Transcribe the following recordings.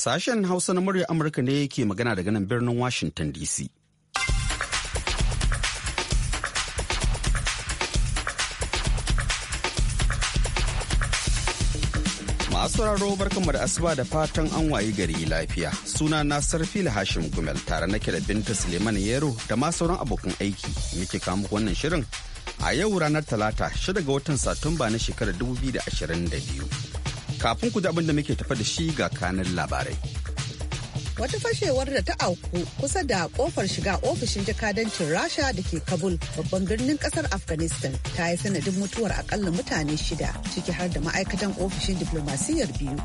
Sashen Hausa na murya Amurka ne ke magana daga nan birnin Washington DC. Masu raro barkanmu da asuba da fatan an wayi gari lafiya. Suna na Sarfil Hashim Gumel tare na ke da Binta Suleiman Yero da ma sauran abokan aiki muke kamu wannan shirin a yau ranar Talata 6 ga watan Satumba na shekarar 2022. Kafin ku ji abin da muke tafa da shi ga kanin labarai. wata fashewar da ta auku kusa da kofar shiga ofishin jakadancin rasha da ke kabul babban birnin kasar afghanistan ta yi sanadin mutuwar akalla mutane shida ciki har da ma'aikatan ofishin diplomasiyyar biyu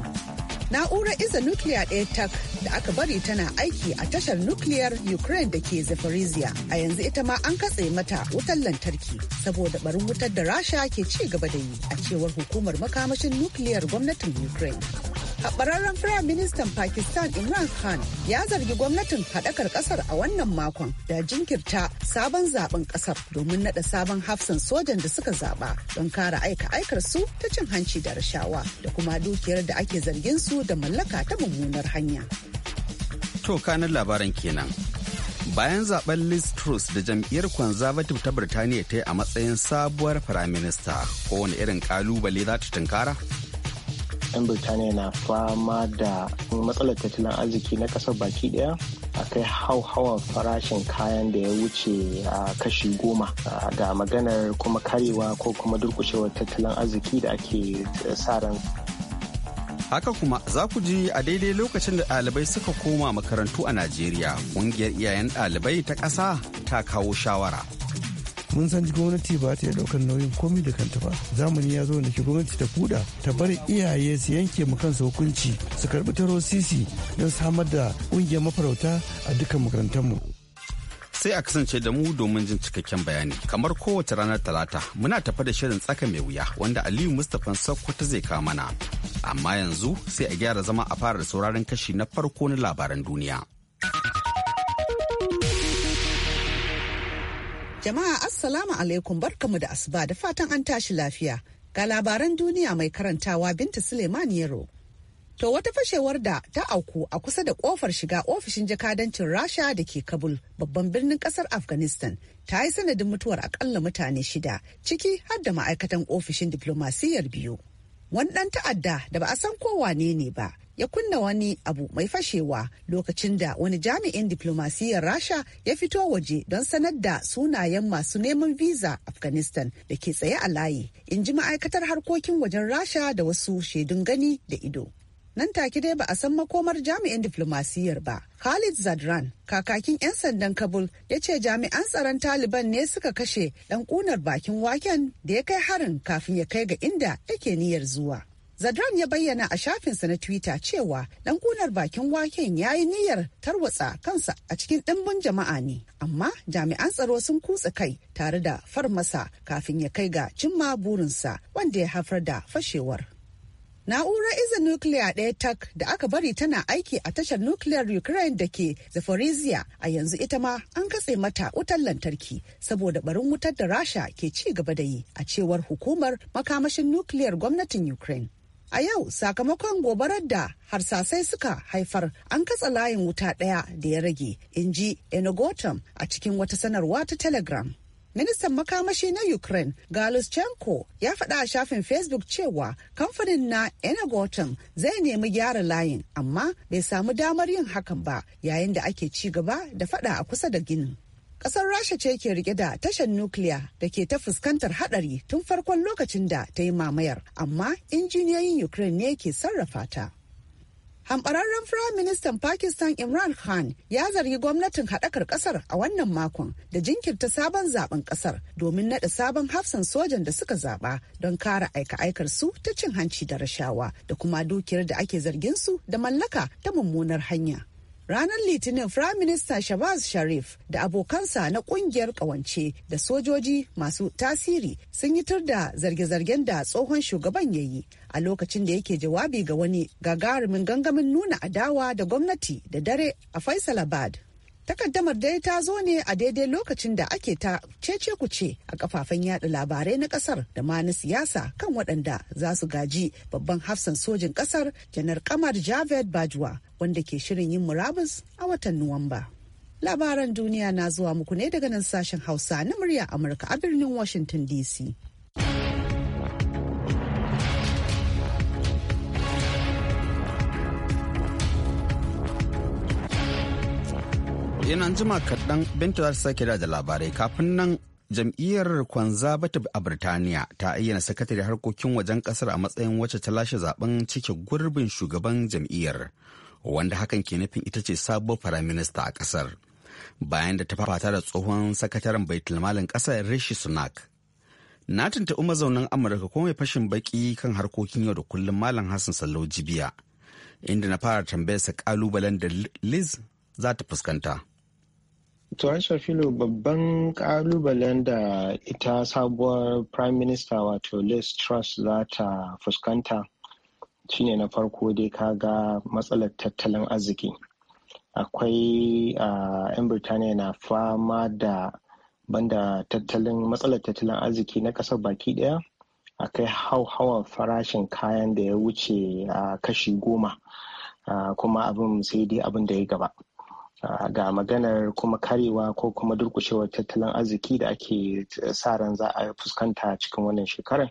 na'urar iza nukiliya ɗaya tak da aka bari tana aiki a tashar nukiliyar ukraine da ke zaporizhia a yanzu ita ma an katse mata wutar lantarki saboda barin wutar da rasha ke ci gaba da yi a cewar hukumar makamashin nukiliyar gwamnatin ukraine Haɓararren Firayim Ministan Pakistan Imran Khan ya zargi gwamnatin haɗakar ƙasar a wannan makon da jinkirta sabon zaben ƙasar domin naɗa sabon hafsan sojan da suka zaɓa don kara aika aikar su ta cin hanci da rashawa da kuma dukiyar da ake zargin su da mallaka ta mummunar hanya. To kanan labaran kenan. Bayan zaben Liz Truss da jam'iyyar Conservative ta Birtaniya ta yi a matsayin sabuwar minista kowane irin kalubale za ta tunkara? 'yan birtaniya na fama da matsalar tattalin arziki na ƙasar baki ɗaya akai hauhawan farashin kayan da ya wuce a kashi goma ga maganar kuma karewa ko kuma durkushewar tattalin arziki da ake eh, sa ran haka kuma za ku ji a daidai lokacin da ɗalibai suka koma makarantu a najeriya ƙungiyar iyayen ɗalibai ta ƙasa ta kawo shawara mun san gwamnati ba ta daukan nauyin komai da kanta ba zamani ya zo da ke gwamnati ta kuda ta bar iyaye su yanke mu kansu hukunci su karbi taro sisi don samar da kungiyar mafarauta a dukkan mu sai a kasance da mu domin jin cikakken bayani kamar kowace ranar talata muna tafa da shirin tsaka mai wuya wanda aliyu mustapha sokoto zai kawo mana amma yanzu sai a gyara zama a fara da sauraron kashi na farko na labaran duniya. Jama'a Assalamu alaikum barkamu da asuba da fatan an tashi lafiya. Ga labaran duniya mai karantawa Binta Suleiman Yero. To wata fashewar da ta auku a kusa da kofar shiga ofishin jakadancin Rasha da ke Kabul babban birnin kasar Afghanistan ta yi sanadin mutuwar akalla mutane shida ciki har da ma'aikatan ofishin diplomasiyyar biyu. Wani ɗan ta'adda da ba a san kowa ne ne ba ya kunna wani abu mai fashewa lokacin da wani jami'in diplomasiyyar rasha ya fito waje don sanar da sunayen masu neman visa afghanistan da ke tsaye a layi in ji ma'aikatar harkokin wajen rasha da wasu shaidun gani da ido nan take dai ba a san makomar jami'in diflomasiyyar ba. Khalid Zadran, kakakin 'yan sandan Kabul, ya ce jami'an tsaron Taliban ne suka kashe dan kunar bakin waken da ya kai harin kafin ya kai ga inda yake niyyar zuwa. Zadran ya bayyana a shafinsa na Twitter cewa ɗan kunar bakin waken ya yi niyyar tarwatsa kansa a cikin ɗimbin jama'a ne, amma jami'an tsaro sun kutsa kai tare da farmasa kafin ya kai ga cimma burinsa wanda ya haifar da fashewar. Na'urar izin nukiliya ɗaya tak da aka bari tana aiki a tashar nukiliyar Ukraine da ke Zaporizhia a yanzu ita ma an katse mata wutar lantarki saboda barin wutar da Rasha ke ci gaba da yi a cewar hukumar makamashin nukiliyar gwamnatin Ukraine. a yau sakamakon gobarar da harsasai suka haifar an katsa layin wuta ɗaya da ya rage in ji a cikin wata sanarwa ta telegram ministan makamashi na ukraine galuschenko ya faɗa a shafin facebook cewa kamfanin na enagotan zai nemi gyara layin amma bai samu damar yin hakan ba yayin da ake ci gaba da faɗa a kusa da ginin Ƙasar Rasha ce ke rike da tashar nukiliya da ke ta fuskantar haɗari tun farkon lokacin da ta yi mamayar, amma injiniyoyin Ukraine ne ke sarrafa ta. Hamɓararren ministan Pakistan Imran Khan ya zargi gwamnatin haɗakar ƙasar a wannan makon da jinkirta sabon zaben ƙasar domin naɗa sabon hafsan sojan da suka zaɓa don kare aika aikarsu ta cin hanci da rashawa da kuma dukiyar da ake zargin su da mallaka ta mummunar hanya. Ranar Litinin Firaminista Shabaz Sharif da abokansa na kungiyar ƙawance da sojoji masu tasiri sun yi tur da zarge-zargen da tsohon shugaban ya yi a lokacin da yake jawabi ga wani gagarumin gangamin nuna adawa da gwamnati da dare a Faisalabad. takaddamar dai ta zo ne a daidai lokacin da ake ta cece kuce a kafafen yada labarai na kasar da ma na siyasa kan waɗanda za su gaji babban hafsan sojin kasar janar kamar javed bajwa wanda ke shirin yin murabus a watan Nuwamba. Labaran duniya na zuwa muku ne daga nan sashen Hausa na murya Amurka a birnin Washington DC. Yana jima kaɗan Binta za ta sake da labarai kafin nan jam'iyyar ta a birtaniya ta ayyana sakatare harkokin wajen ƙasar a matsayin wacce ta lashe zaben cike gurbin shugaban jam'iyyar wanda hakan ke nufin ita ce sabuwar firaminista a kasar bayan da ta fafata da tsohon sakataren baitulmalin kasar rishi sunak na tuntuɓi zaunin amurka ko mai fashin baki kan harkokin yau da kullum malam hassan sallau jibiya inda na fara tambayarsa kalubalen da liz za ta fuskanta To Aisha Filo babban kalubalen da ita sabuwar Prime Minister wato Liz trust za ta fuskanta shine na farko dai ka ga matsalar tattalin arziki akwai yan birtaniya na fama da banda tattalin matsalar tattalin arziki na kasar baki daya akai hauhawar farashin kayan da ya wuce a kashi goma kuma abin sai dai abin da ya gaba ga maganar kuma karewa ko kuma durkushewar tattalin arziki da ake eh, sa ran za a fuskanta cikin wannan shekarar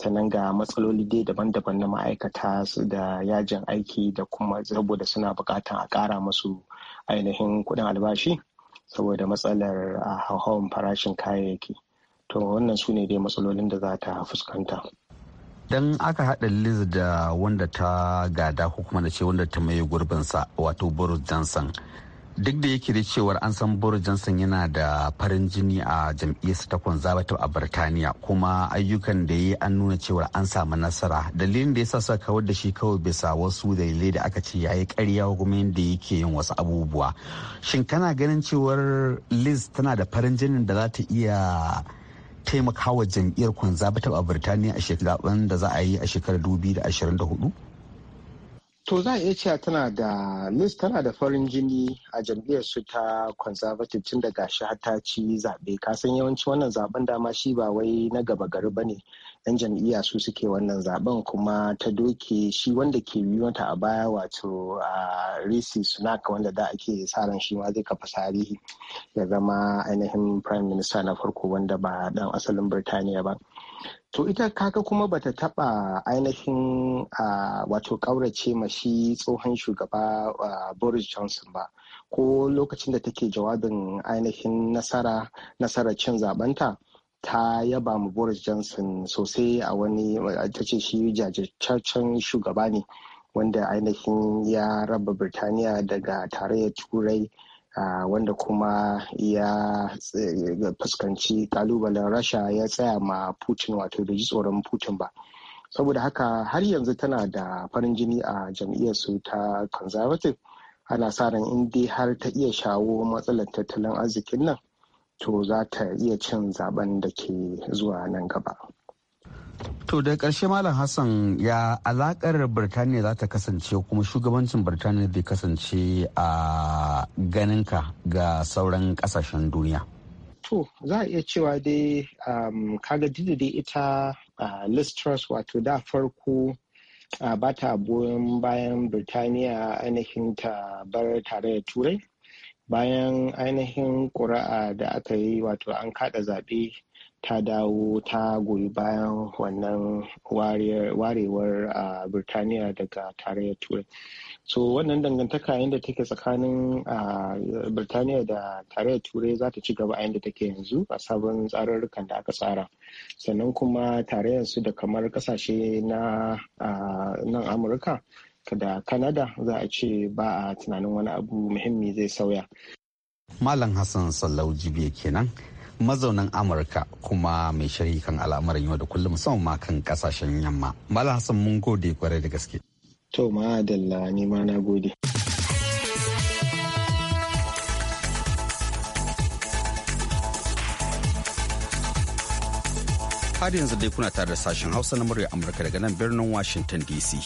sannan ga matsaloli dai daban-daban na ma'aikata da yajin aiki da kuma saboda suna bukatan a ƙara musu ainihin kuɗin albashi saboda matsalar hauhawan farashin kayayyaki to wannan su ne dai matsalolin da za ta fuskanta dan aka haɗa liz da wanda ta gada ko kuma na ce wanda ta mai gurbinsa wato boris johnson duk da yake da cewar an san boris johnson yana da farin jini a jam'iyyarsa ta conservative a birtaniya kuma ayyukan da ya yi an nuna cewar an samu nasara dalilin da ya sa sa kawar da shi kawai bisa wasu dalilai da aka ce ya yi karya kuma yadda yake yin wasu abubuwa shin kana ganin cewar liz tana da farin jinin da za ta iya taimakawa jam'iyyar conservative a birtaniya a shekarar da za a yi a shekarar 2024 To za a iya cewa tana da Liz tana da farin jini a jam'iyyar su ta conservative tun daga shi ta ci zaɓe. Kasan yawanci wannan zaben dama shi ba wai na gaba gari ba ne. 'Yan jam'iyya su suke wannan zaben kuma ta doke shi wanda ke yi mata a baya wato a Risi Sunak wanda da ake sa ran shi ma zai kafa tarihi ya zama ainihin prime minister na farko wanda ba dan asalin Birtaniya ba. To ita kaka kuma bata taba ainihin wato ƙaurace ma shi tsohon shugaba Boris Johnson ba. Ko lokacin da take jawabin ainihin nasara nasara cin zabanta ta yaba mu Boris Johnson sosai a wani ta ce shi jajirtaccen shugaba ne wanda ainihin ya raba Birtaniya daga tarayyar Turai wanda kuma ya eh, fuskanci kalubalen rasha ya tsaya ma putin wato da ji tsoron putin ba saboda haka har yanzu tana da farin jini a jam'iyyar su ta conservative ana sa ran in dai har ta iya shawo matsalar tattalin arzikin nan to za ta iya cin zaben da ke zuwa nan gaba. To da ƙarshe Malam Hassan ya alakar Birtaniya za ta kasance kuma shugabancin Birtaniya zai kasance a ganinka ga sauran ƙasashen duniya. To za a iya cewa dai um, kaga dida dai ita Listras wato da farko ba ta goyon bayan Birtaniya ainihin ta bar tare da Turai bayan ainihin ƙuri'a da aka yi wato an kada zaɓe ta dawo ta goyi bayan wannan warewar a birtaniya daga tarayyar turai so wannan dangantaka yadda take tsakanin birtaniya da tarayyar turai za ta ci gaba a yadda take yanzu a sabon tsarurrukan da aka tsara sannan kuma tarayyar su da kamar kasashe na nan amurka da kanada za a ce ba a tunanin wani abu muhimmi zai sauya malam hassan sallau jibiya kenan mazaunan amurka kuma mai sharhi kan al'amuran yau da kullum musamman ma kan kasashen yamma mala hassan mun gode kwarai da gaske to ma adalla ni ma na gode har yanzu dai kuna tare da sashen hausa na murya amurka daga nan birnin washington dc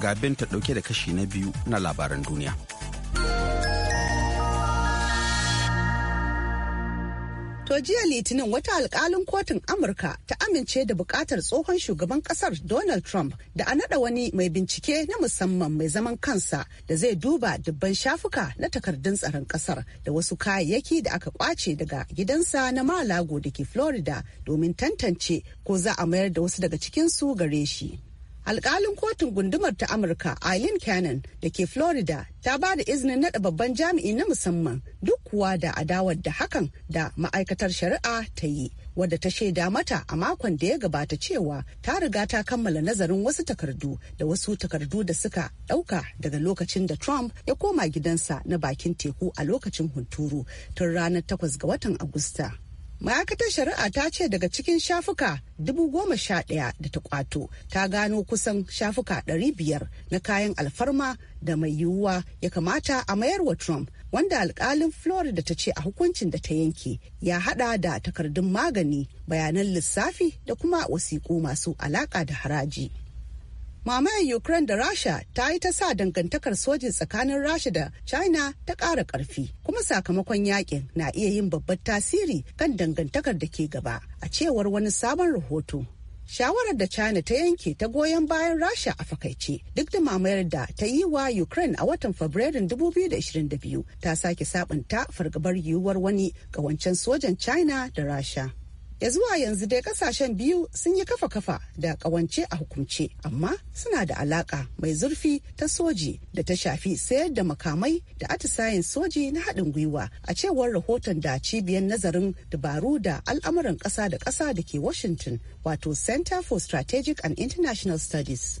ga ta dauke da kashi na biyu na labaran duniya To jiya Litinin wata alkalin kotun Amurka ta amince da bukatar tsohon shugaban kasar Donald Trump da a nada wani mai bincike na musamman mai zaman kansa da zai duba dubban shafuka na takardun tsaron kasar da wasu kayayyaki da aka kwace daga gidansa na Malago da ke Florida domin tantance ko za a mayar da wasu daga cikinsu gare shi. alkalin kotun gundumar ta amurka eileen cannon da ke florida ta ba da izinin nada babban jami'i na musamman duk kuwa da adawar da hakan da ma'aikatar shari'a ta yi wadda ta shaida mata a makon da ya gabata cewa ta riga ta kammala nazarin wasu takardu da wasu takardu da suka dauka daga lokacin da trump ya koma gidansa na bakin teku a lokacin hunturu tun ranar 8 ga watan agusta ma'aikatar shari'a ta ce daga cikin shafuka dubu goma sha ɗaya da ta kwato ta gano kusan shafuka ɗari biyar na kayan alfarma da mai yiwuwa ya kamata a mayar wa trump wanda alkalin florida ta ce a hukuncin da ta yanke ya hada da takardun magani bayanan lissafi da kuma wasiƙu masu alaƙa da haraji Mamayar Ukraine da Rasha ta yi ta sa dangantakar soji tsakanin Rasha da China ta ƙara ƙarfi, kuma sakamakon yakin na iya yin babbar tasiri kan dangantakar da ke gaba, a cewar wani sabon rahoto. shawarar da china ta yanke ta goyon bayan rasha a fakaice duk da mamayar da ta yi wa ukraine a watan fabrairun 2022 ta sake sabunta fargabar yiwuwar wani ƙawancen sojan china da rasha ya zuwa yanzu dai kasashen biyu sun yi kafa kafa da kawance a hukumce amma suna da alaka mai zurfi ta soji da ta shafi sayar da makamai da atisayen soji na haɗin gwiwa a cewar rahoton da cibiyar nazarin dabaru da al'amuran ƙasa da ƙasa da ke washington wato center for strategic and international studies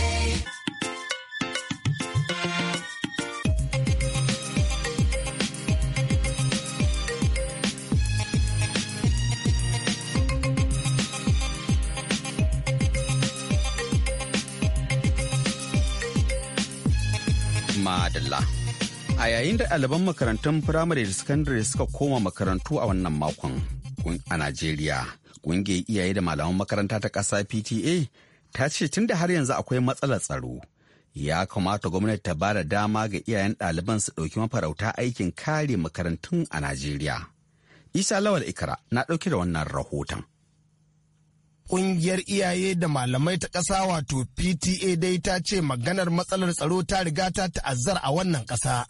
yayin da ɗaliban makarantun firamare da sakandare suka koma makarantu a wannan makon a Najeriya, ƙungiyar iyaye da malaman makaranta ta ƙasa PTA ta ce tun da har yanzu akwai matsalar tsaro. Ya kamata gwamnati ta ba da dama ga iyayen ɗaliban su ɗauki mafarauta aikin kare makarantun a Najeriya. Isa Lawal Ikra na ɗauke da wannan rahoton. Ƙungiyar iyaye da malamai ta ƙasa wato PTA dai ta ce maganar matsalar tsaro ta riga ta ta'azzar a wannan ƙasa.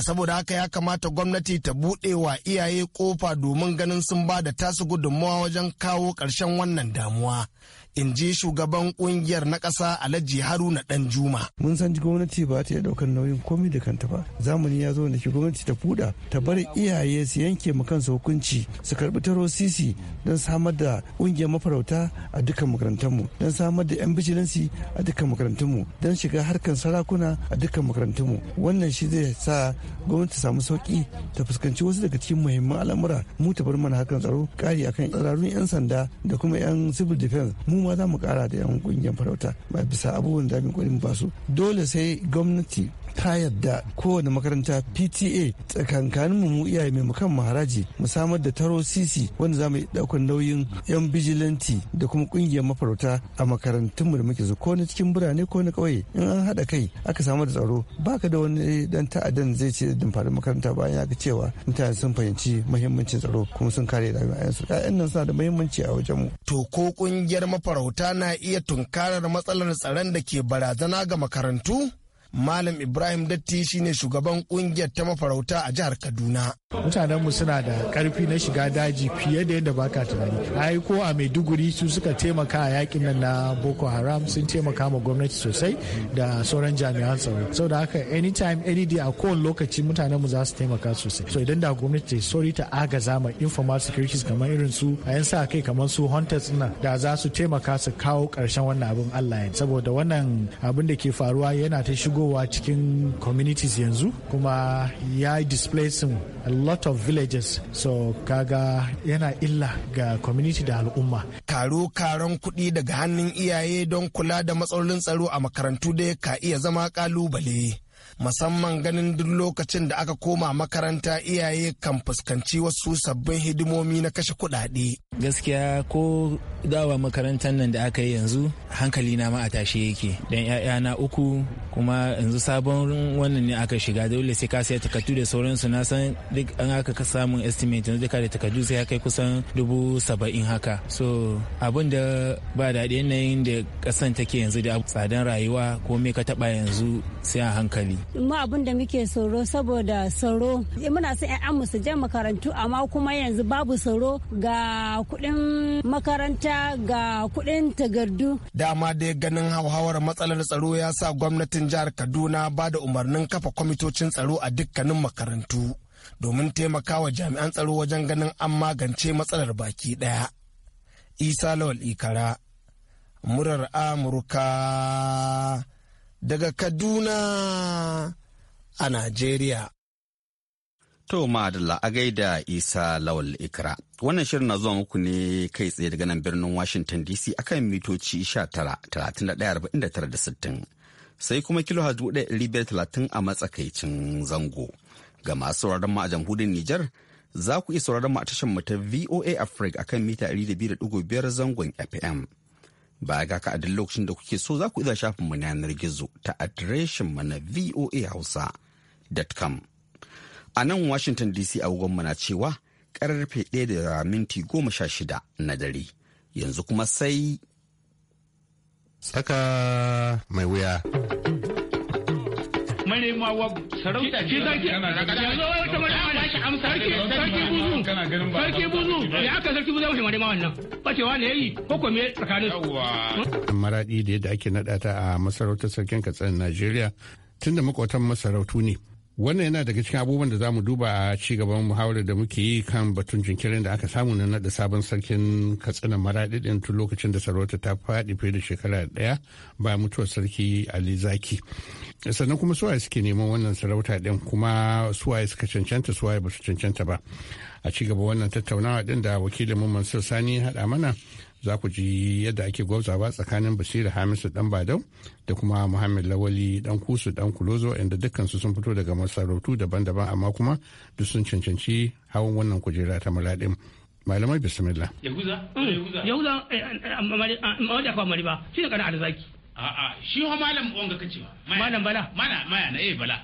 a saboda haka ya kamata gwamnati ta buɗe wa iyaye kofa domin ganin sun ba da tasu gudunmawa wajen kawo ƙarshen wannan damuwa in ji shugaban kungiyar na ƙasa Alhaji Haruna dan juma. Mun san gwamnati ba ta iya daukar nauyin komai da kanta ba. Zamani ya zo da ke gwamnati ta fuda ta bar iyaye su yanke ma kansu hukunci su karbi taro sisi don samar da kungiyar mafarauta a dukkan mu don samar da yan bijilansi a dukkan mu don shiga harkar sarakuna a dukkan mu wannan shi zai sa gwamnati samu sauki ta fuskanci wasu daga cikin muhimman al'amura mu ta bar mana hakan tsaro kari akan tsararrun yan sanda da kuma yan civil defense mu kuma za mu kara da yan kungiyar farauta ba bisa abubuwan da mu ba su dole sai gwamnati ta yadda kowane makaranta pta tsakankanin mu iyaye mu maharaji mu samar da taro sisi wanda za mu yi daukan nauyin yan bijilanti da kuma kungiyar mafarauta a makarantunmu da muke ko na cikin birane ko na kauye in an haɗa kai aka samar da tsaro baka da wani dan ta'addan zai ce da faru makaranta bayan ya ga cewa mutane sun fahimci muhimmancin tsaro kuma sun kare su ƴaƴan nan suna da muhimmanci a wajen mu to ko kungiyar mafarauta na iya tunkarar matsalar tsaron da ke barazana ga makarantu Malam Ibrahim Datti shine shugaban kungiyar ta mafarauta a jihar Kaduna. Mutanenmu suna da karfi na shiga daji fiye da yadda baka tunani. Ai ko a Maiduguri su suka taimaka a yakin nan na Boko Haram sun taimaka ma gwamnati sosai da sauran jami'an tsaro. Saboda haka anytime any day a kowane lokaci mutanenmu za su taimaka sosai. So idan da gwamnati ta sauri ta agaza ma informal securities kamar irin su a yan sa kai kamar su hunters na da za su taimaka su kawo karshen wannan abin Allah ya. Saboda wannan abin da ke faruwa yana ta shigo shigowa cikin communities yanzu kuma ya displacing a lot of villages so kaga yana illa ga community da al'umma karo karon kuɗi daga hannun iyaye don kula da matsalolin tsaro a makarantu da ka iya zama kalubale musamman ganin duk lokacin da aka koma makaranta iyaye kan fuskanci wasu sabbin hidimomi na kashe kuɗaɗe. Gaskiya ko dawa makarantar nan da aka yi yanzu hankali na ma a tashe yake dan na uku kuma yanzu sabon wannan ne aka shiga dole sai ka saya takardu da sauransu na san duk an aka samun estimate duka da takardu sai ya kai kusan dubu saba'in haka so abin da ba daɗi yanayin da ƙasan take yanzu da tsadan rayuwa ko me ka taɓa yanzu sai a hankali ma abin da muke tsoro saboda tsoro eh, muna son amma su je makarantu amma kuma yanzu babu tsoro ga kuɗin makaranta ga kuɗin tagardu. Dama dai ganin hauhawar matsalar tsaro ya sa gwamnatin jihar Kaduna ba da umarnin kafa kwamitocin tsaro a dukkanin makarantu domin taimakawa jami'an tsaro wajen ganin an magance matsalar baki ɗaya. Isa Lawal Ikara, murar Amurka daga Kaduna a Najeriya. To da a gaida Isa Lawal Ikra. Wannan shirin na zuwa muku ne kai tsaye daga nan birnin Washington DC akan mitoci 19,39,60 Sai kuma kilo talatin a matsakaicin zango. Ga masu sauraron mu a jamhurin Nijar, za ku iya sauraron mu a tashar mu ta VOA Africa akan mita 200.5 zangon FM. Ba ga ka a duk lokacin da kuke so za ku iya shafin mu yanar gizo ta adireshin mu na voahausa.com. A nan Washington DC agogon mu na cewa karfe ɗaya da minti goma sha shida na dare. Yanzu kuma sai. Saka mai wuya. wa sarauta ce sarki yanzu wata maremawa da ake amsa sarki buzu sarki buzu ya aka sarki buzu ya wuce maremawa nan bacewa ne yayi ko ko me tsakanin hmm? maradi da yadda ake naɗa ta a masarautar sarkin katsina najeriya tunda makwatan masarautu ne wannan yana daga cikin abubuwan da za mu duba a ci gaban muhawarar da muke yi kan batun jinkirin da aka samu na naɗa sabon sarkin katsina maraɗiɗin tun lokacin da sarauta ta faɗi fiye da shekara ɗaya ba mutuwar sarki ali zaki sannan kuma suwaye suke neman wannan sarauta ɗin kuma suwaye suka cancanta suwaye ba su cancanta ba a ci gaba wannan tattaunawa ɗin da wakilin mu mansur sani haɗa mana za ku ji yadda ake gwabzawa tsakanin basira hamisu dan badau da kuma muhammad lawali dan kusu dan kulozo inda dukkansu sun fito daga masarautu daban-daban amma kuma duk sun cancanci hawan wannan kujera ta muradin malamai bismillah yahuza mm. yahuza amari eh, eh, eh, afa ah, mari ba shi ne kana arzaki a'a shi ho malam wanga kace malam bala mana maya na eh bala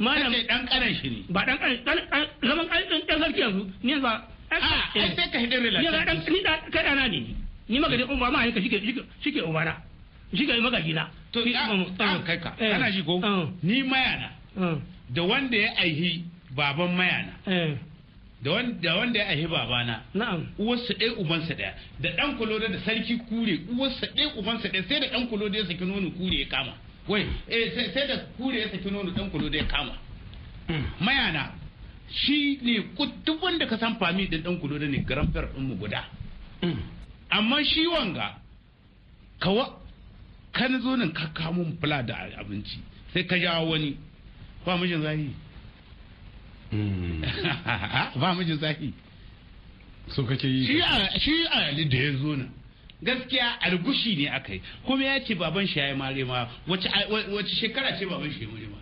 malam dan kanan shi ne ba dan kanan zaman dan sarki yanzu ne ba ai sai ka hidin relax ni da kadana ne ni magani umma ma yanka shike shike ubana shike magaji na to an ah, kai ka eh, kana shi ko ah. ni mayana ah. da wanda ya aihi baban mayana eh. da wanda ya aihi babana na'am uwarsa ɗaya ubansa ɗaya da ɗan kulo da sarki kure uwarsa ɗaya ubansa ɗaya sai da ɗan kuloda ya saki nono kure ya kama wai eh sai da kure ya saki nono ɗan da ya kama hmm. mayana shi ne duk wanda ka san fami da ɗan da ne garan fer ɗin mu guda hmm. amma shi wanga kawa ka na zo nan ka kamun fula da abinci sai ka jawo wani ba mijin zahi hmm. ba mijin zahi so kake yi shi a da ya zo nan gaskiya argushi ne aka yi kuma ya ce baban shi ya yi mare ma wace shekara ce baban shi ya mare ma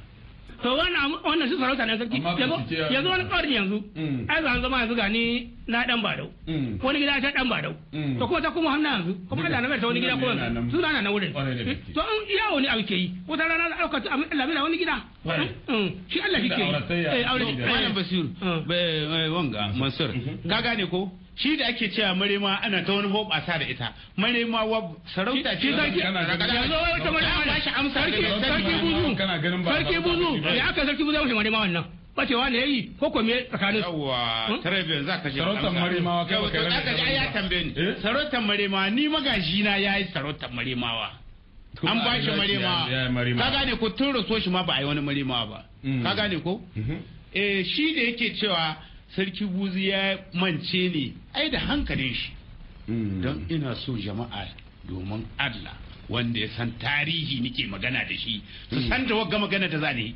to wannan shi sarauta ne sarki yanzu wani ƙwarin yanzu ai zan zama yanzu gani na dan ba badau mm. wani gida ta dan badau mm. to ko ta kuma hannu yanzu kuma Allah na bai ta wani gida kuma suna na na wurin eh, to in yawo ne abu ke yi Ko wata rana da ɗauka Allah bai wani gida mm. shi Allah shi ke yi eh, malam basir wanga mm-hmm. mansur ka gane ko shi da ake cewa marema ana ta wani hoɓasa da ita marema wa sarauta ce sarki yanzu wata marema ba shi amsa sarki buzu sarki buzu ya aka sarki buzu ya mashi marema wannan bacewa ne yayi ko ko me tsakanin yawa hmm? tarebe za ka je sarautar maremawa kai ba kai ya tambaye ni eh? sarautar maremawa ni magaji na yayi sarautar maremawa an ba shi maremawa ka gane ko tun raso shi ma ba a yi wani maremawa ba mm. ka gane ko mm-hmm. eh shi da yake cewa sarki buzi ya mance ne ai da hankalin shi mm. don ina so jama'a domin Allah wanda ya san tarihi nike magana da shi su mm. san da wagga magana da za ne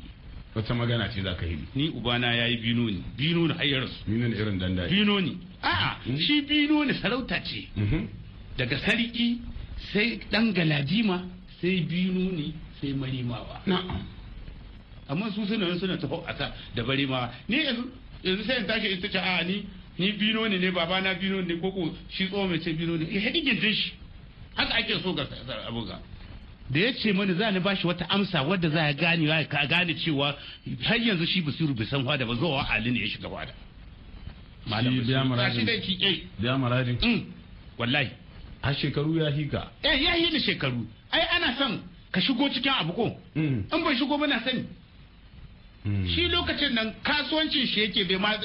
wata magana ce za ka yi ni ubana ya yi bino ne bino ne hayar su bino ne irin dandaye bino ne a'a mm-hmm. shi bino ne sarauta ce mm-hmm. daga sarki sai dan galadima sai bino ne sai marimawa na'am amma su suna suna taho ta da barimawa ni yanzu sai in tashi in ce a ni ni bino ne ne na bino ne koko shi tsohon mai ce bino ne ya hadi gindin shi haka ake so ga abuga da ya ce mani za ni ba shi wata amsa wadda za ya gane ya ka gane cewa har yanzu shi basiru bai san hwada ba zuwa ali ne ya shiga hwada malam biya mm. wallahi a shekaru ya hika eh ya da shekaru ai ana ka shigo cikin abu ko mm. in shigo ba na sani mm. shi lokacin nan kasuwancin shi yake bai ma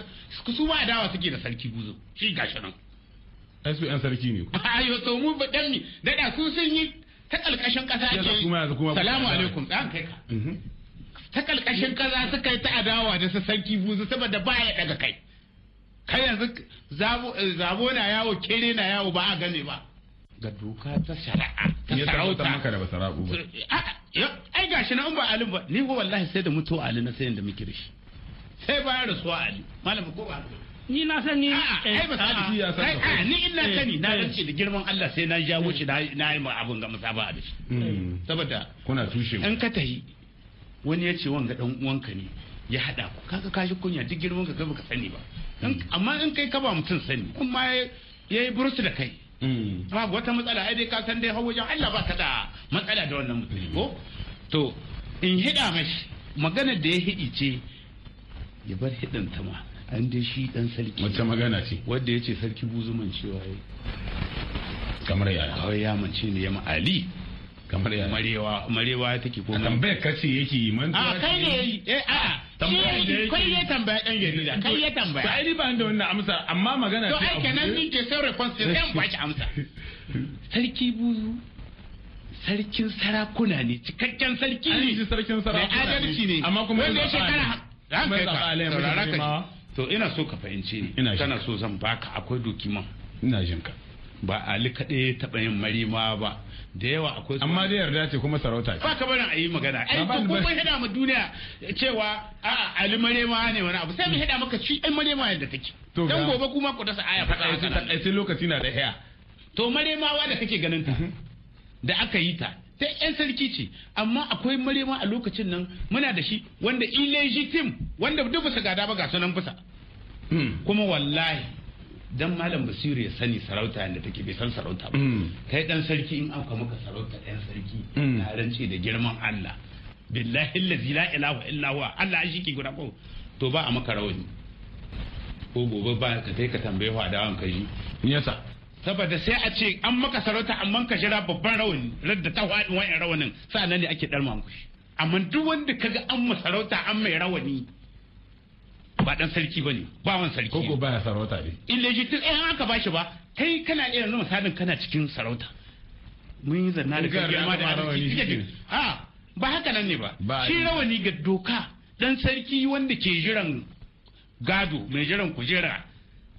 su ba dawa suke da sarki buzo shi gashi nan ai su yan sarki ne ayo to mu ba dan ni da su sun yi ta ƙarƙashin ƙasa ke salamu alaikum ɗan kai ka mhm. ta ƙarƙashin ƙasa suka yi ta adawa da su san kifu saboda ba ya daga kai kai yanzu eh, zabo na yawo kere na yawo ba a gane ba ga doka ta shari'a ta sarauta maka da basarabu ba ai gashi na ba alin ba ni ko wallahi sai da mutuwa ali na sayan da muke da shi sai bayan rasuwa ali malam ko ba ni na san ni eh, ba ya ni in na eh, sani na eh. rance da girman Allah sai na jawo shi na yi ma abun ga musaba da shi hmm. Hmm. saboda kuna tushe an ka tahi wani ya ce wanga dan uwanka ne ya hada ku kaga kashi kunya duk girman ka baka sani ba hmm. amma in kai ka ba mutum sani in ma yayi burusu da kai Amma wata matsala ai dai ka san dai hawo wajen Allah ba ka da matsala da wannan mutum ko to in hida mashi maganar da ya hidi ce ya bar hidin ta ma an dai shi dan sarki wata magana ce wanda yace sarki buzuman cewa yayi kamar yaya kawai ya mace ne ya ali kamar yaya marewa marewa take ko tambayar kace yake yi man a kai ne eh a kai ya tambaya dan jarida kai ya tambaya ba ni ba da wannan amsa amma magana ce to ai kenan ni ke sai response sai ba ki amsa sarki buzu sarkin sarakuna ne cikakken sarki ne sarkin sarakuna ne adalci ne amma kuma wanda shekara ranka ka saurara to ina so ka fahimci ni ina kana so zan baka akwai dokiman ina jin ka ba ali kaɗe taɓa yin marima ba da yawa akwai amma dai yarda ce kuma sarauta ce ba barin a yi magana ai to kun mun hada mu duniya cewa a ali marima ne wani abu sai mu mm. hada maka shi ai marima yadda take dan gobe kuma ku dasa aya faɗa sai lokaci na da haya to maremawa da kake ganin ta mm-hmm. da aka yi ta ta yan sarki ce amma akwai marema a lokacin nan muna da shi wanda illegitim wanda duk bisa gada ba ga sunan bisa hmm. kuma wallahi dan malam basiru ya sani sarauta yadda take bai san sarauta ba hmm. kai dan sarki in an maka sarauta dan sarki hmm. na rance da girman Allah billahi allazi la ilaha illa huwa Allah shi ke guda ko to ba a maka rawani ko gobe ba ka kai ka tambaye wa dawan kai yasa saboda sai a ce an maka sarauta amma ka jira babban rawani radda ta faɗi wani rawanin sa'annan ne ake dalma muku amma duk wanda kaga an ma sarauta an mai rawani ba dan sarki bane ba wan sarki koko baya sarauta ne illegitim eh aka bashi ba kai kana iya nuna misalin kana cikin sarauta mun yi zanna da girma da rawani. ha ah, ba haka nan ne ba shi rawani ga doka dan sarki wanda ke jiran gado mai jiran kujera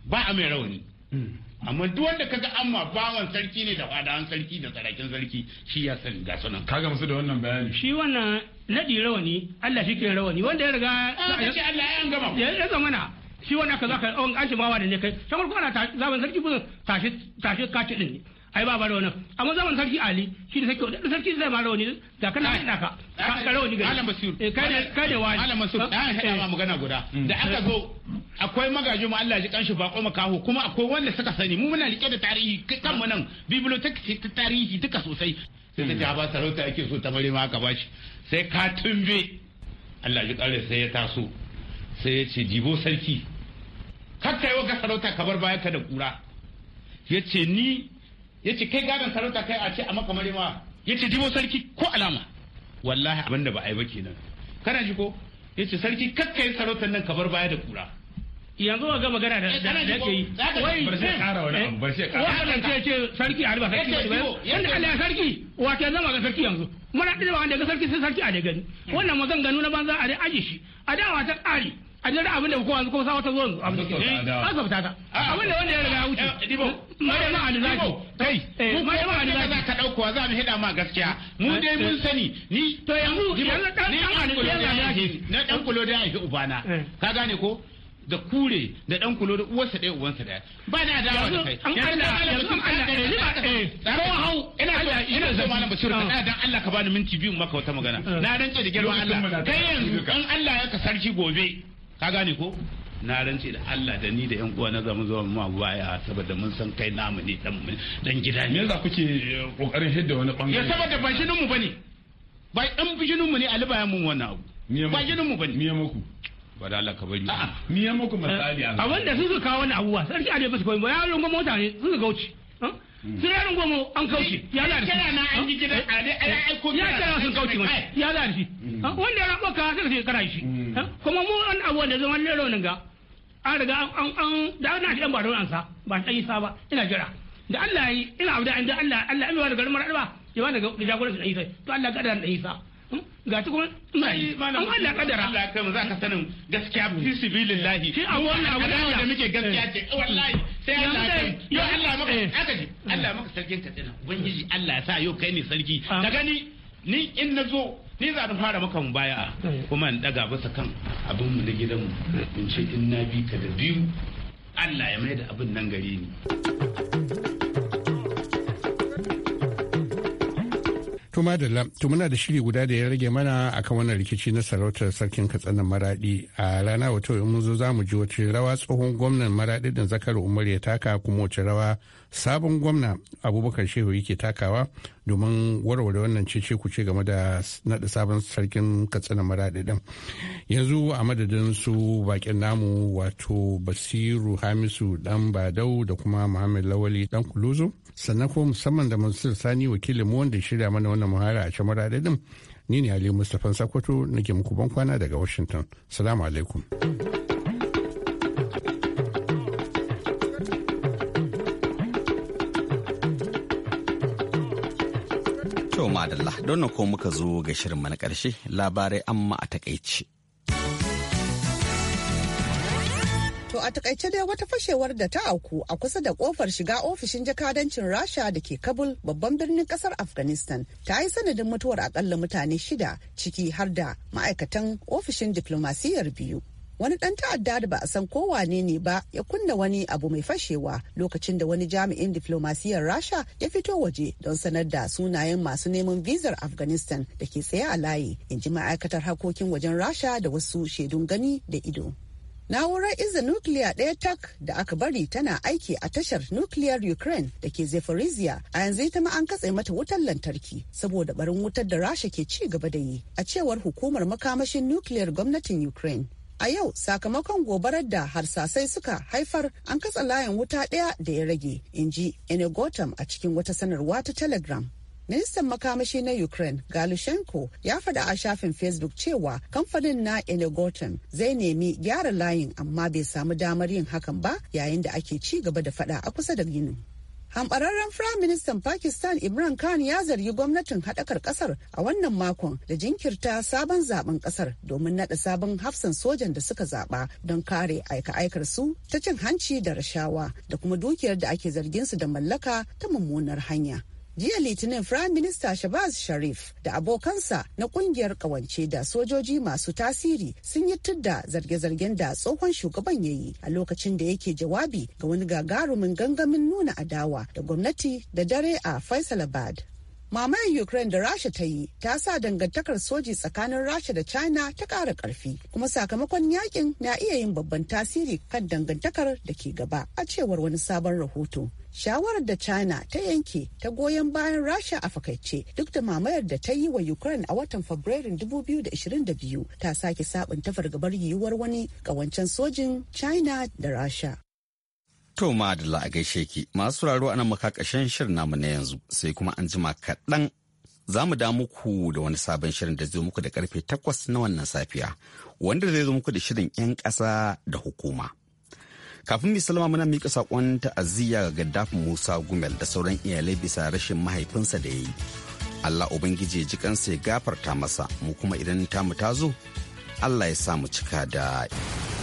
ba a mai rawani hmm. amma duk wanda kaga amma bawan sarki ne da fadawan sarki da sarakin sarki shi ya san ga sunan kaga musu da wannan bayani shi wannan nadi rawani Allah shi ke rawani wanda ya riga sai ah, Allah ya gama ya na. shi wannan kaza ka an shi bawa da ne kai kamar ko ana zaman sarki buzun tashi tashi kace din ne ai ba ba da wannan amma zaman sarki ali shi da sarki da sarki zai ma wani da kana naka ka ka rawani gari malam basir eh, kai ne kai ne wani malam basir dan hada ma eh. magana guda hmm. da aka zo akwai magaji mu Allah ji kanshi bako makaho kuma akwai wanda suka sani mu muna rike da tarihi mu nan bibliotheque ta tarihi duka sosai sai ta ce ba sarauta ake so ta bare ma aka bashi sai ka tumbe Allah ya kare sai ya taso sai ya ce jibo sarki kakkai wa ka sarauta ka bar baya ka da kura ya ce ni ya ce kai gadon sarauta kai a ce a maka marewa ya ce jibo sarki ko alama wallahi abin da ba a yi ba kenan kana shi ko ya ce sarki kakka yi sarautar nan ka bar baya da kura yanzu ga magana da eh, da ke yi wai bar eh, wani ce eh, ce sarki riba sarki ba wanda Allah ya sarki wato yanzu ga sarki yanzu muna da wanda ga sarki sai sarki a da gani hmm. wannan maganganu na banza a da aji shi a da wata ƙari a jira abin da kuma kuma sa wata zuwan abin da an sabta eh, ta abin da wanda ya riga ya wuce eh, dibo eh, mai ma alizaki kai mai ma alizaki ka dauko za mu hida ma gaskiya mu dai mun sani ni to yanzu yanzu dan dan alizaki na dan kulo da yake ubana ka gane ko da kure da dan kulo da uwarsa da uwansa da ba na da da kai an kalla yanzu an Allah ne ba ta ko hau ina da ina da malam bashir ka ah. dan Allah ka bani minti biyu maka wata magana na dan ce da girman Allah kai yanzu an Allah ya ka sarki gobe ka gane ko na rance da Allah da ni da yan uwa na zama zama ma baya saboda mun san kai namu ne dan dan gida ne yasa kuke eh, kokarin hidda wani bangare ya saboda ban shinin mu bane bai dan bishinin mu ne alba mun wannan abu ba jinin mu bane miya muku ba da Allah ka bari miya muku misali a wanda su su kawo wani abuwa sarki a da ba su koyi ba yaron goma mota ne su suka wuce eh? hmm. sai yaron goma an kauce ya da shi na an ji gidan eh? a da ai ko ya da sun kauce ya da shi hmm. wanda ya rabo ka sai ka kara shi hmm. Hmm. kuma mu an abuwa da zaman ne raunin ga an riga an an da ana shi dan ba don ansa ba ta yi sa ba ina jira da Allah yi ina abu da an da Allah Allah in wani garin maraba ya wani da jagoran da Isa to Allah kadar da Isa hmm? ga ta kuma an Allah kadara Allah kai mu za ka sanin gaskiya fi sibilillahi shi abu wani abu da muke gaskiya ce eh. wallahi sai Allah kai yo Allah maka eh. aka ji Allah maka sarkin ka tsina ubangiji Allah ya sa yau kai ne sarki da ah. gani ni in nazo ni za fara maka baya mm. kuma in daga basa kan abin mu na gidanmu in ce in na bi ka da biyu Allah ya mai da abin nan gare ni. To madalla, to muna da shiri guda da ya rage mana akan wannan rikici na sarautar sarkin katsina Maraɗi. a rana wato in mun zo za mu ji wace rawa tsohon gwamnan maradi din zakar umar ya taka kuma wace rawa sabon gwamna abubakar shehu yake takawa domin warware wannan cece kuce game da naɗa sabon sarkin katsina Maraɗi din yanzu a madadin su bakin namu wato basiru hamisu dan badau da kuma muhammad lawali dan kuluzo sannan kuma musamman da mansur sani wakilin mu wanda shirya mana wannan muhara a camara ɗin ni ne Ali mustapha sakwato nake muku ban kwana daga washington salamu alaikum to madalla ko muka zo ga shirin mana ƙarshe, labarai amma a takaice a takaice dai wata fashewar da ta auku a kusa da kofar shiga ofishin jakadancin Rasha da ke Kabul babban birnin kasar Afghanistan ta yi sanadin mutuwar akalla mutane shida ciki har da ma'aikatan ofishin diplomasiyyar biyu. Wani ɗan ta'adda da ba a san kowane ne ba ya kunna wani abu mai fashewa lokacin da wani jami'in diflomasiyyar Rasha ya fito waje don sanar da sunayen masu neman vizar Afghanistan da ke tsaye a layi, in ji ma'aikatar harkokin wajen Rasha da wasu shaidun gani da ido. Na'urar iza nukiliya ɗaya tak da aka bari tana aiki a tashar nukiliyar Ukraine da ke Zaporizhia a yanzu ita ma an katse mata wutar lantarki saboda barin wutar da Rasha ke ci gaba da yi a cewar hukumar makamashin nukiliyar gwamnatin Ukraine. A yau sakamakon gobarar da harsasai suka haifar an katsa layin wuta ɗaya da ya rage, in ji Enegotam a cikin wata sanarwa ta Telegram. Ministan makamashi na Ukraine Galushenko ya faɗa a shafin Facebook cewa kamfanin na Enegotem zai nemi gyara layin amma bai samu damar yin hakan ba yayin da ake ci gaba da faɗa a kusa da ginin. hambararren ministan pakistan imran khan ya zargi gwamnatin haɗakar ƙasar a wannan makon da jinkirta sabon zaben ƙasar domin naɗa sabon hafsan sojan da suka zaɓa don kare aika-aikar su ta cin hanci da rashawa da kuma dukiyar da ake zargin su da mallaka ta mummunar hanya jiya litinin prime minister shabazz sharif da abokansa na kungiyar kawance da sojoji masu tasiri sun yi tudda zarge-zargen da tsohon shugaban ya yi a lokacin da yake jawabi ga wani gagarumin gangamin nuna adawa da gwamnati da dare a faisalabad Mamayen ukraine da rasha ta yi ta sa dangantakar soji tsakanin rasha da china ta ƙara ƙarfi kuma sakamakon yakin na iya yin babban tasiri kan dangantakar da ke gaba a cewar wani sabon rahoto shawarar da china ta yanke ta goyon bayan rasha a fakaice duk da mamayar da ta yi wa ukraine a watan fabrairun 2022 ta sake sabon ta fargabar yiwuwar wani kawancen sojin china da rasha To madalla a gaishe ki masu raro anan makakashen shirin namu na yanzu sai kuma an jima kaɗan za mu da muku da wani sabon shirin da zai muku da karfe takwas na wannan safiya wanda zai zo muku da shirin 'yan ƙasa da hukuma. kafin mai salama muna miƙa saƙon ta'aziyya ga gaddaf musa gumel da sauran iyalai bisa rashin mahaifinsa da ya yi allah ubangiji ya ji kansa ya gafarta masa mu kuma idan ta mu ta zo allah ya sa mu cika da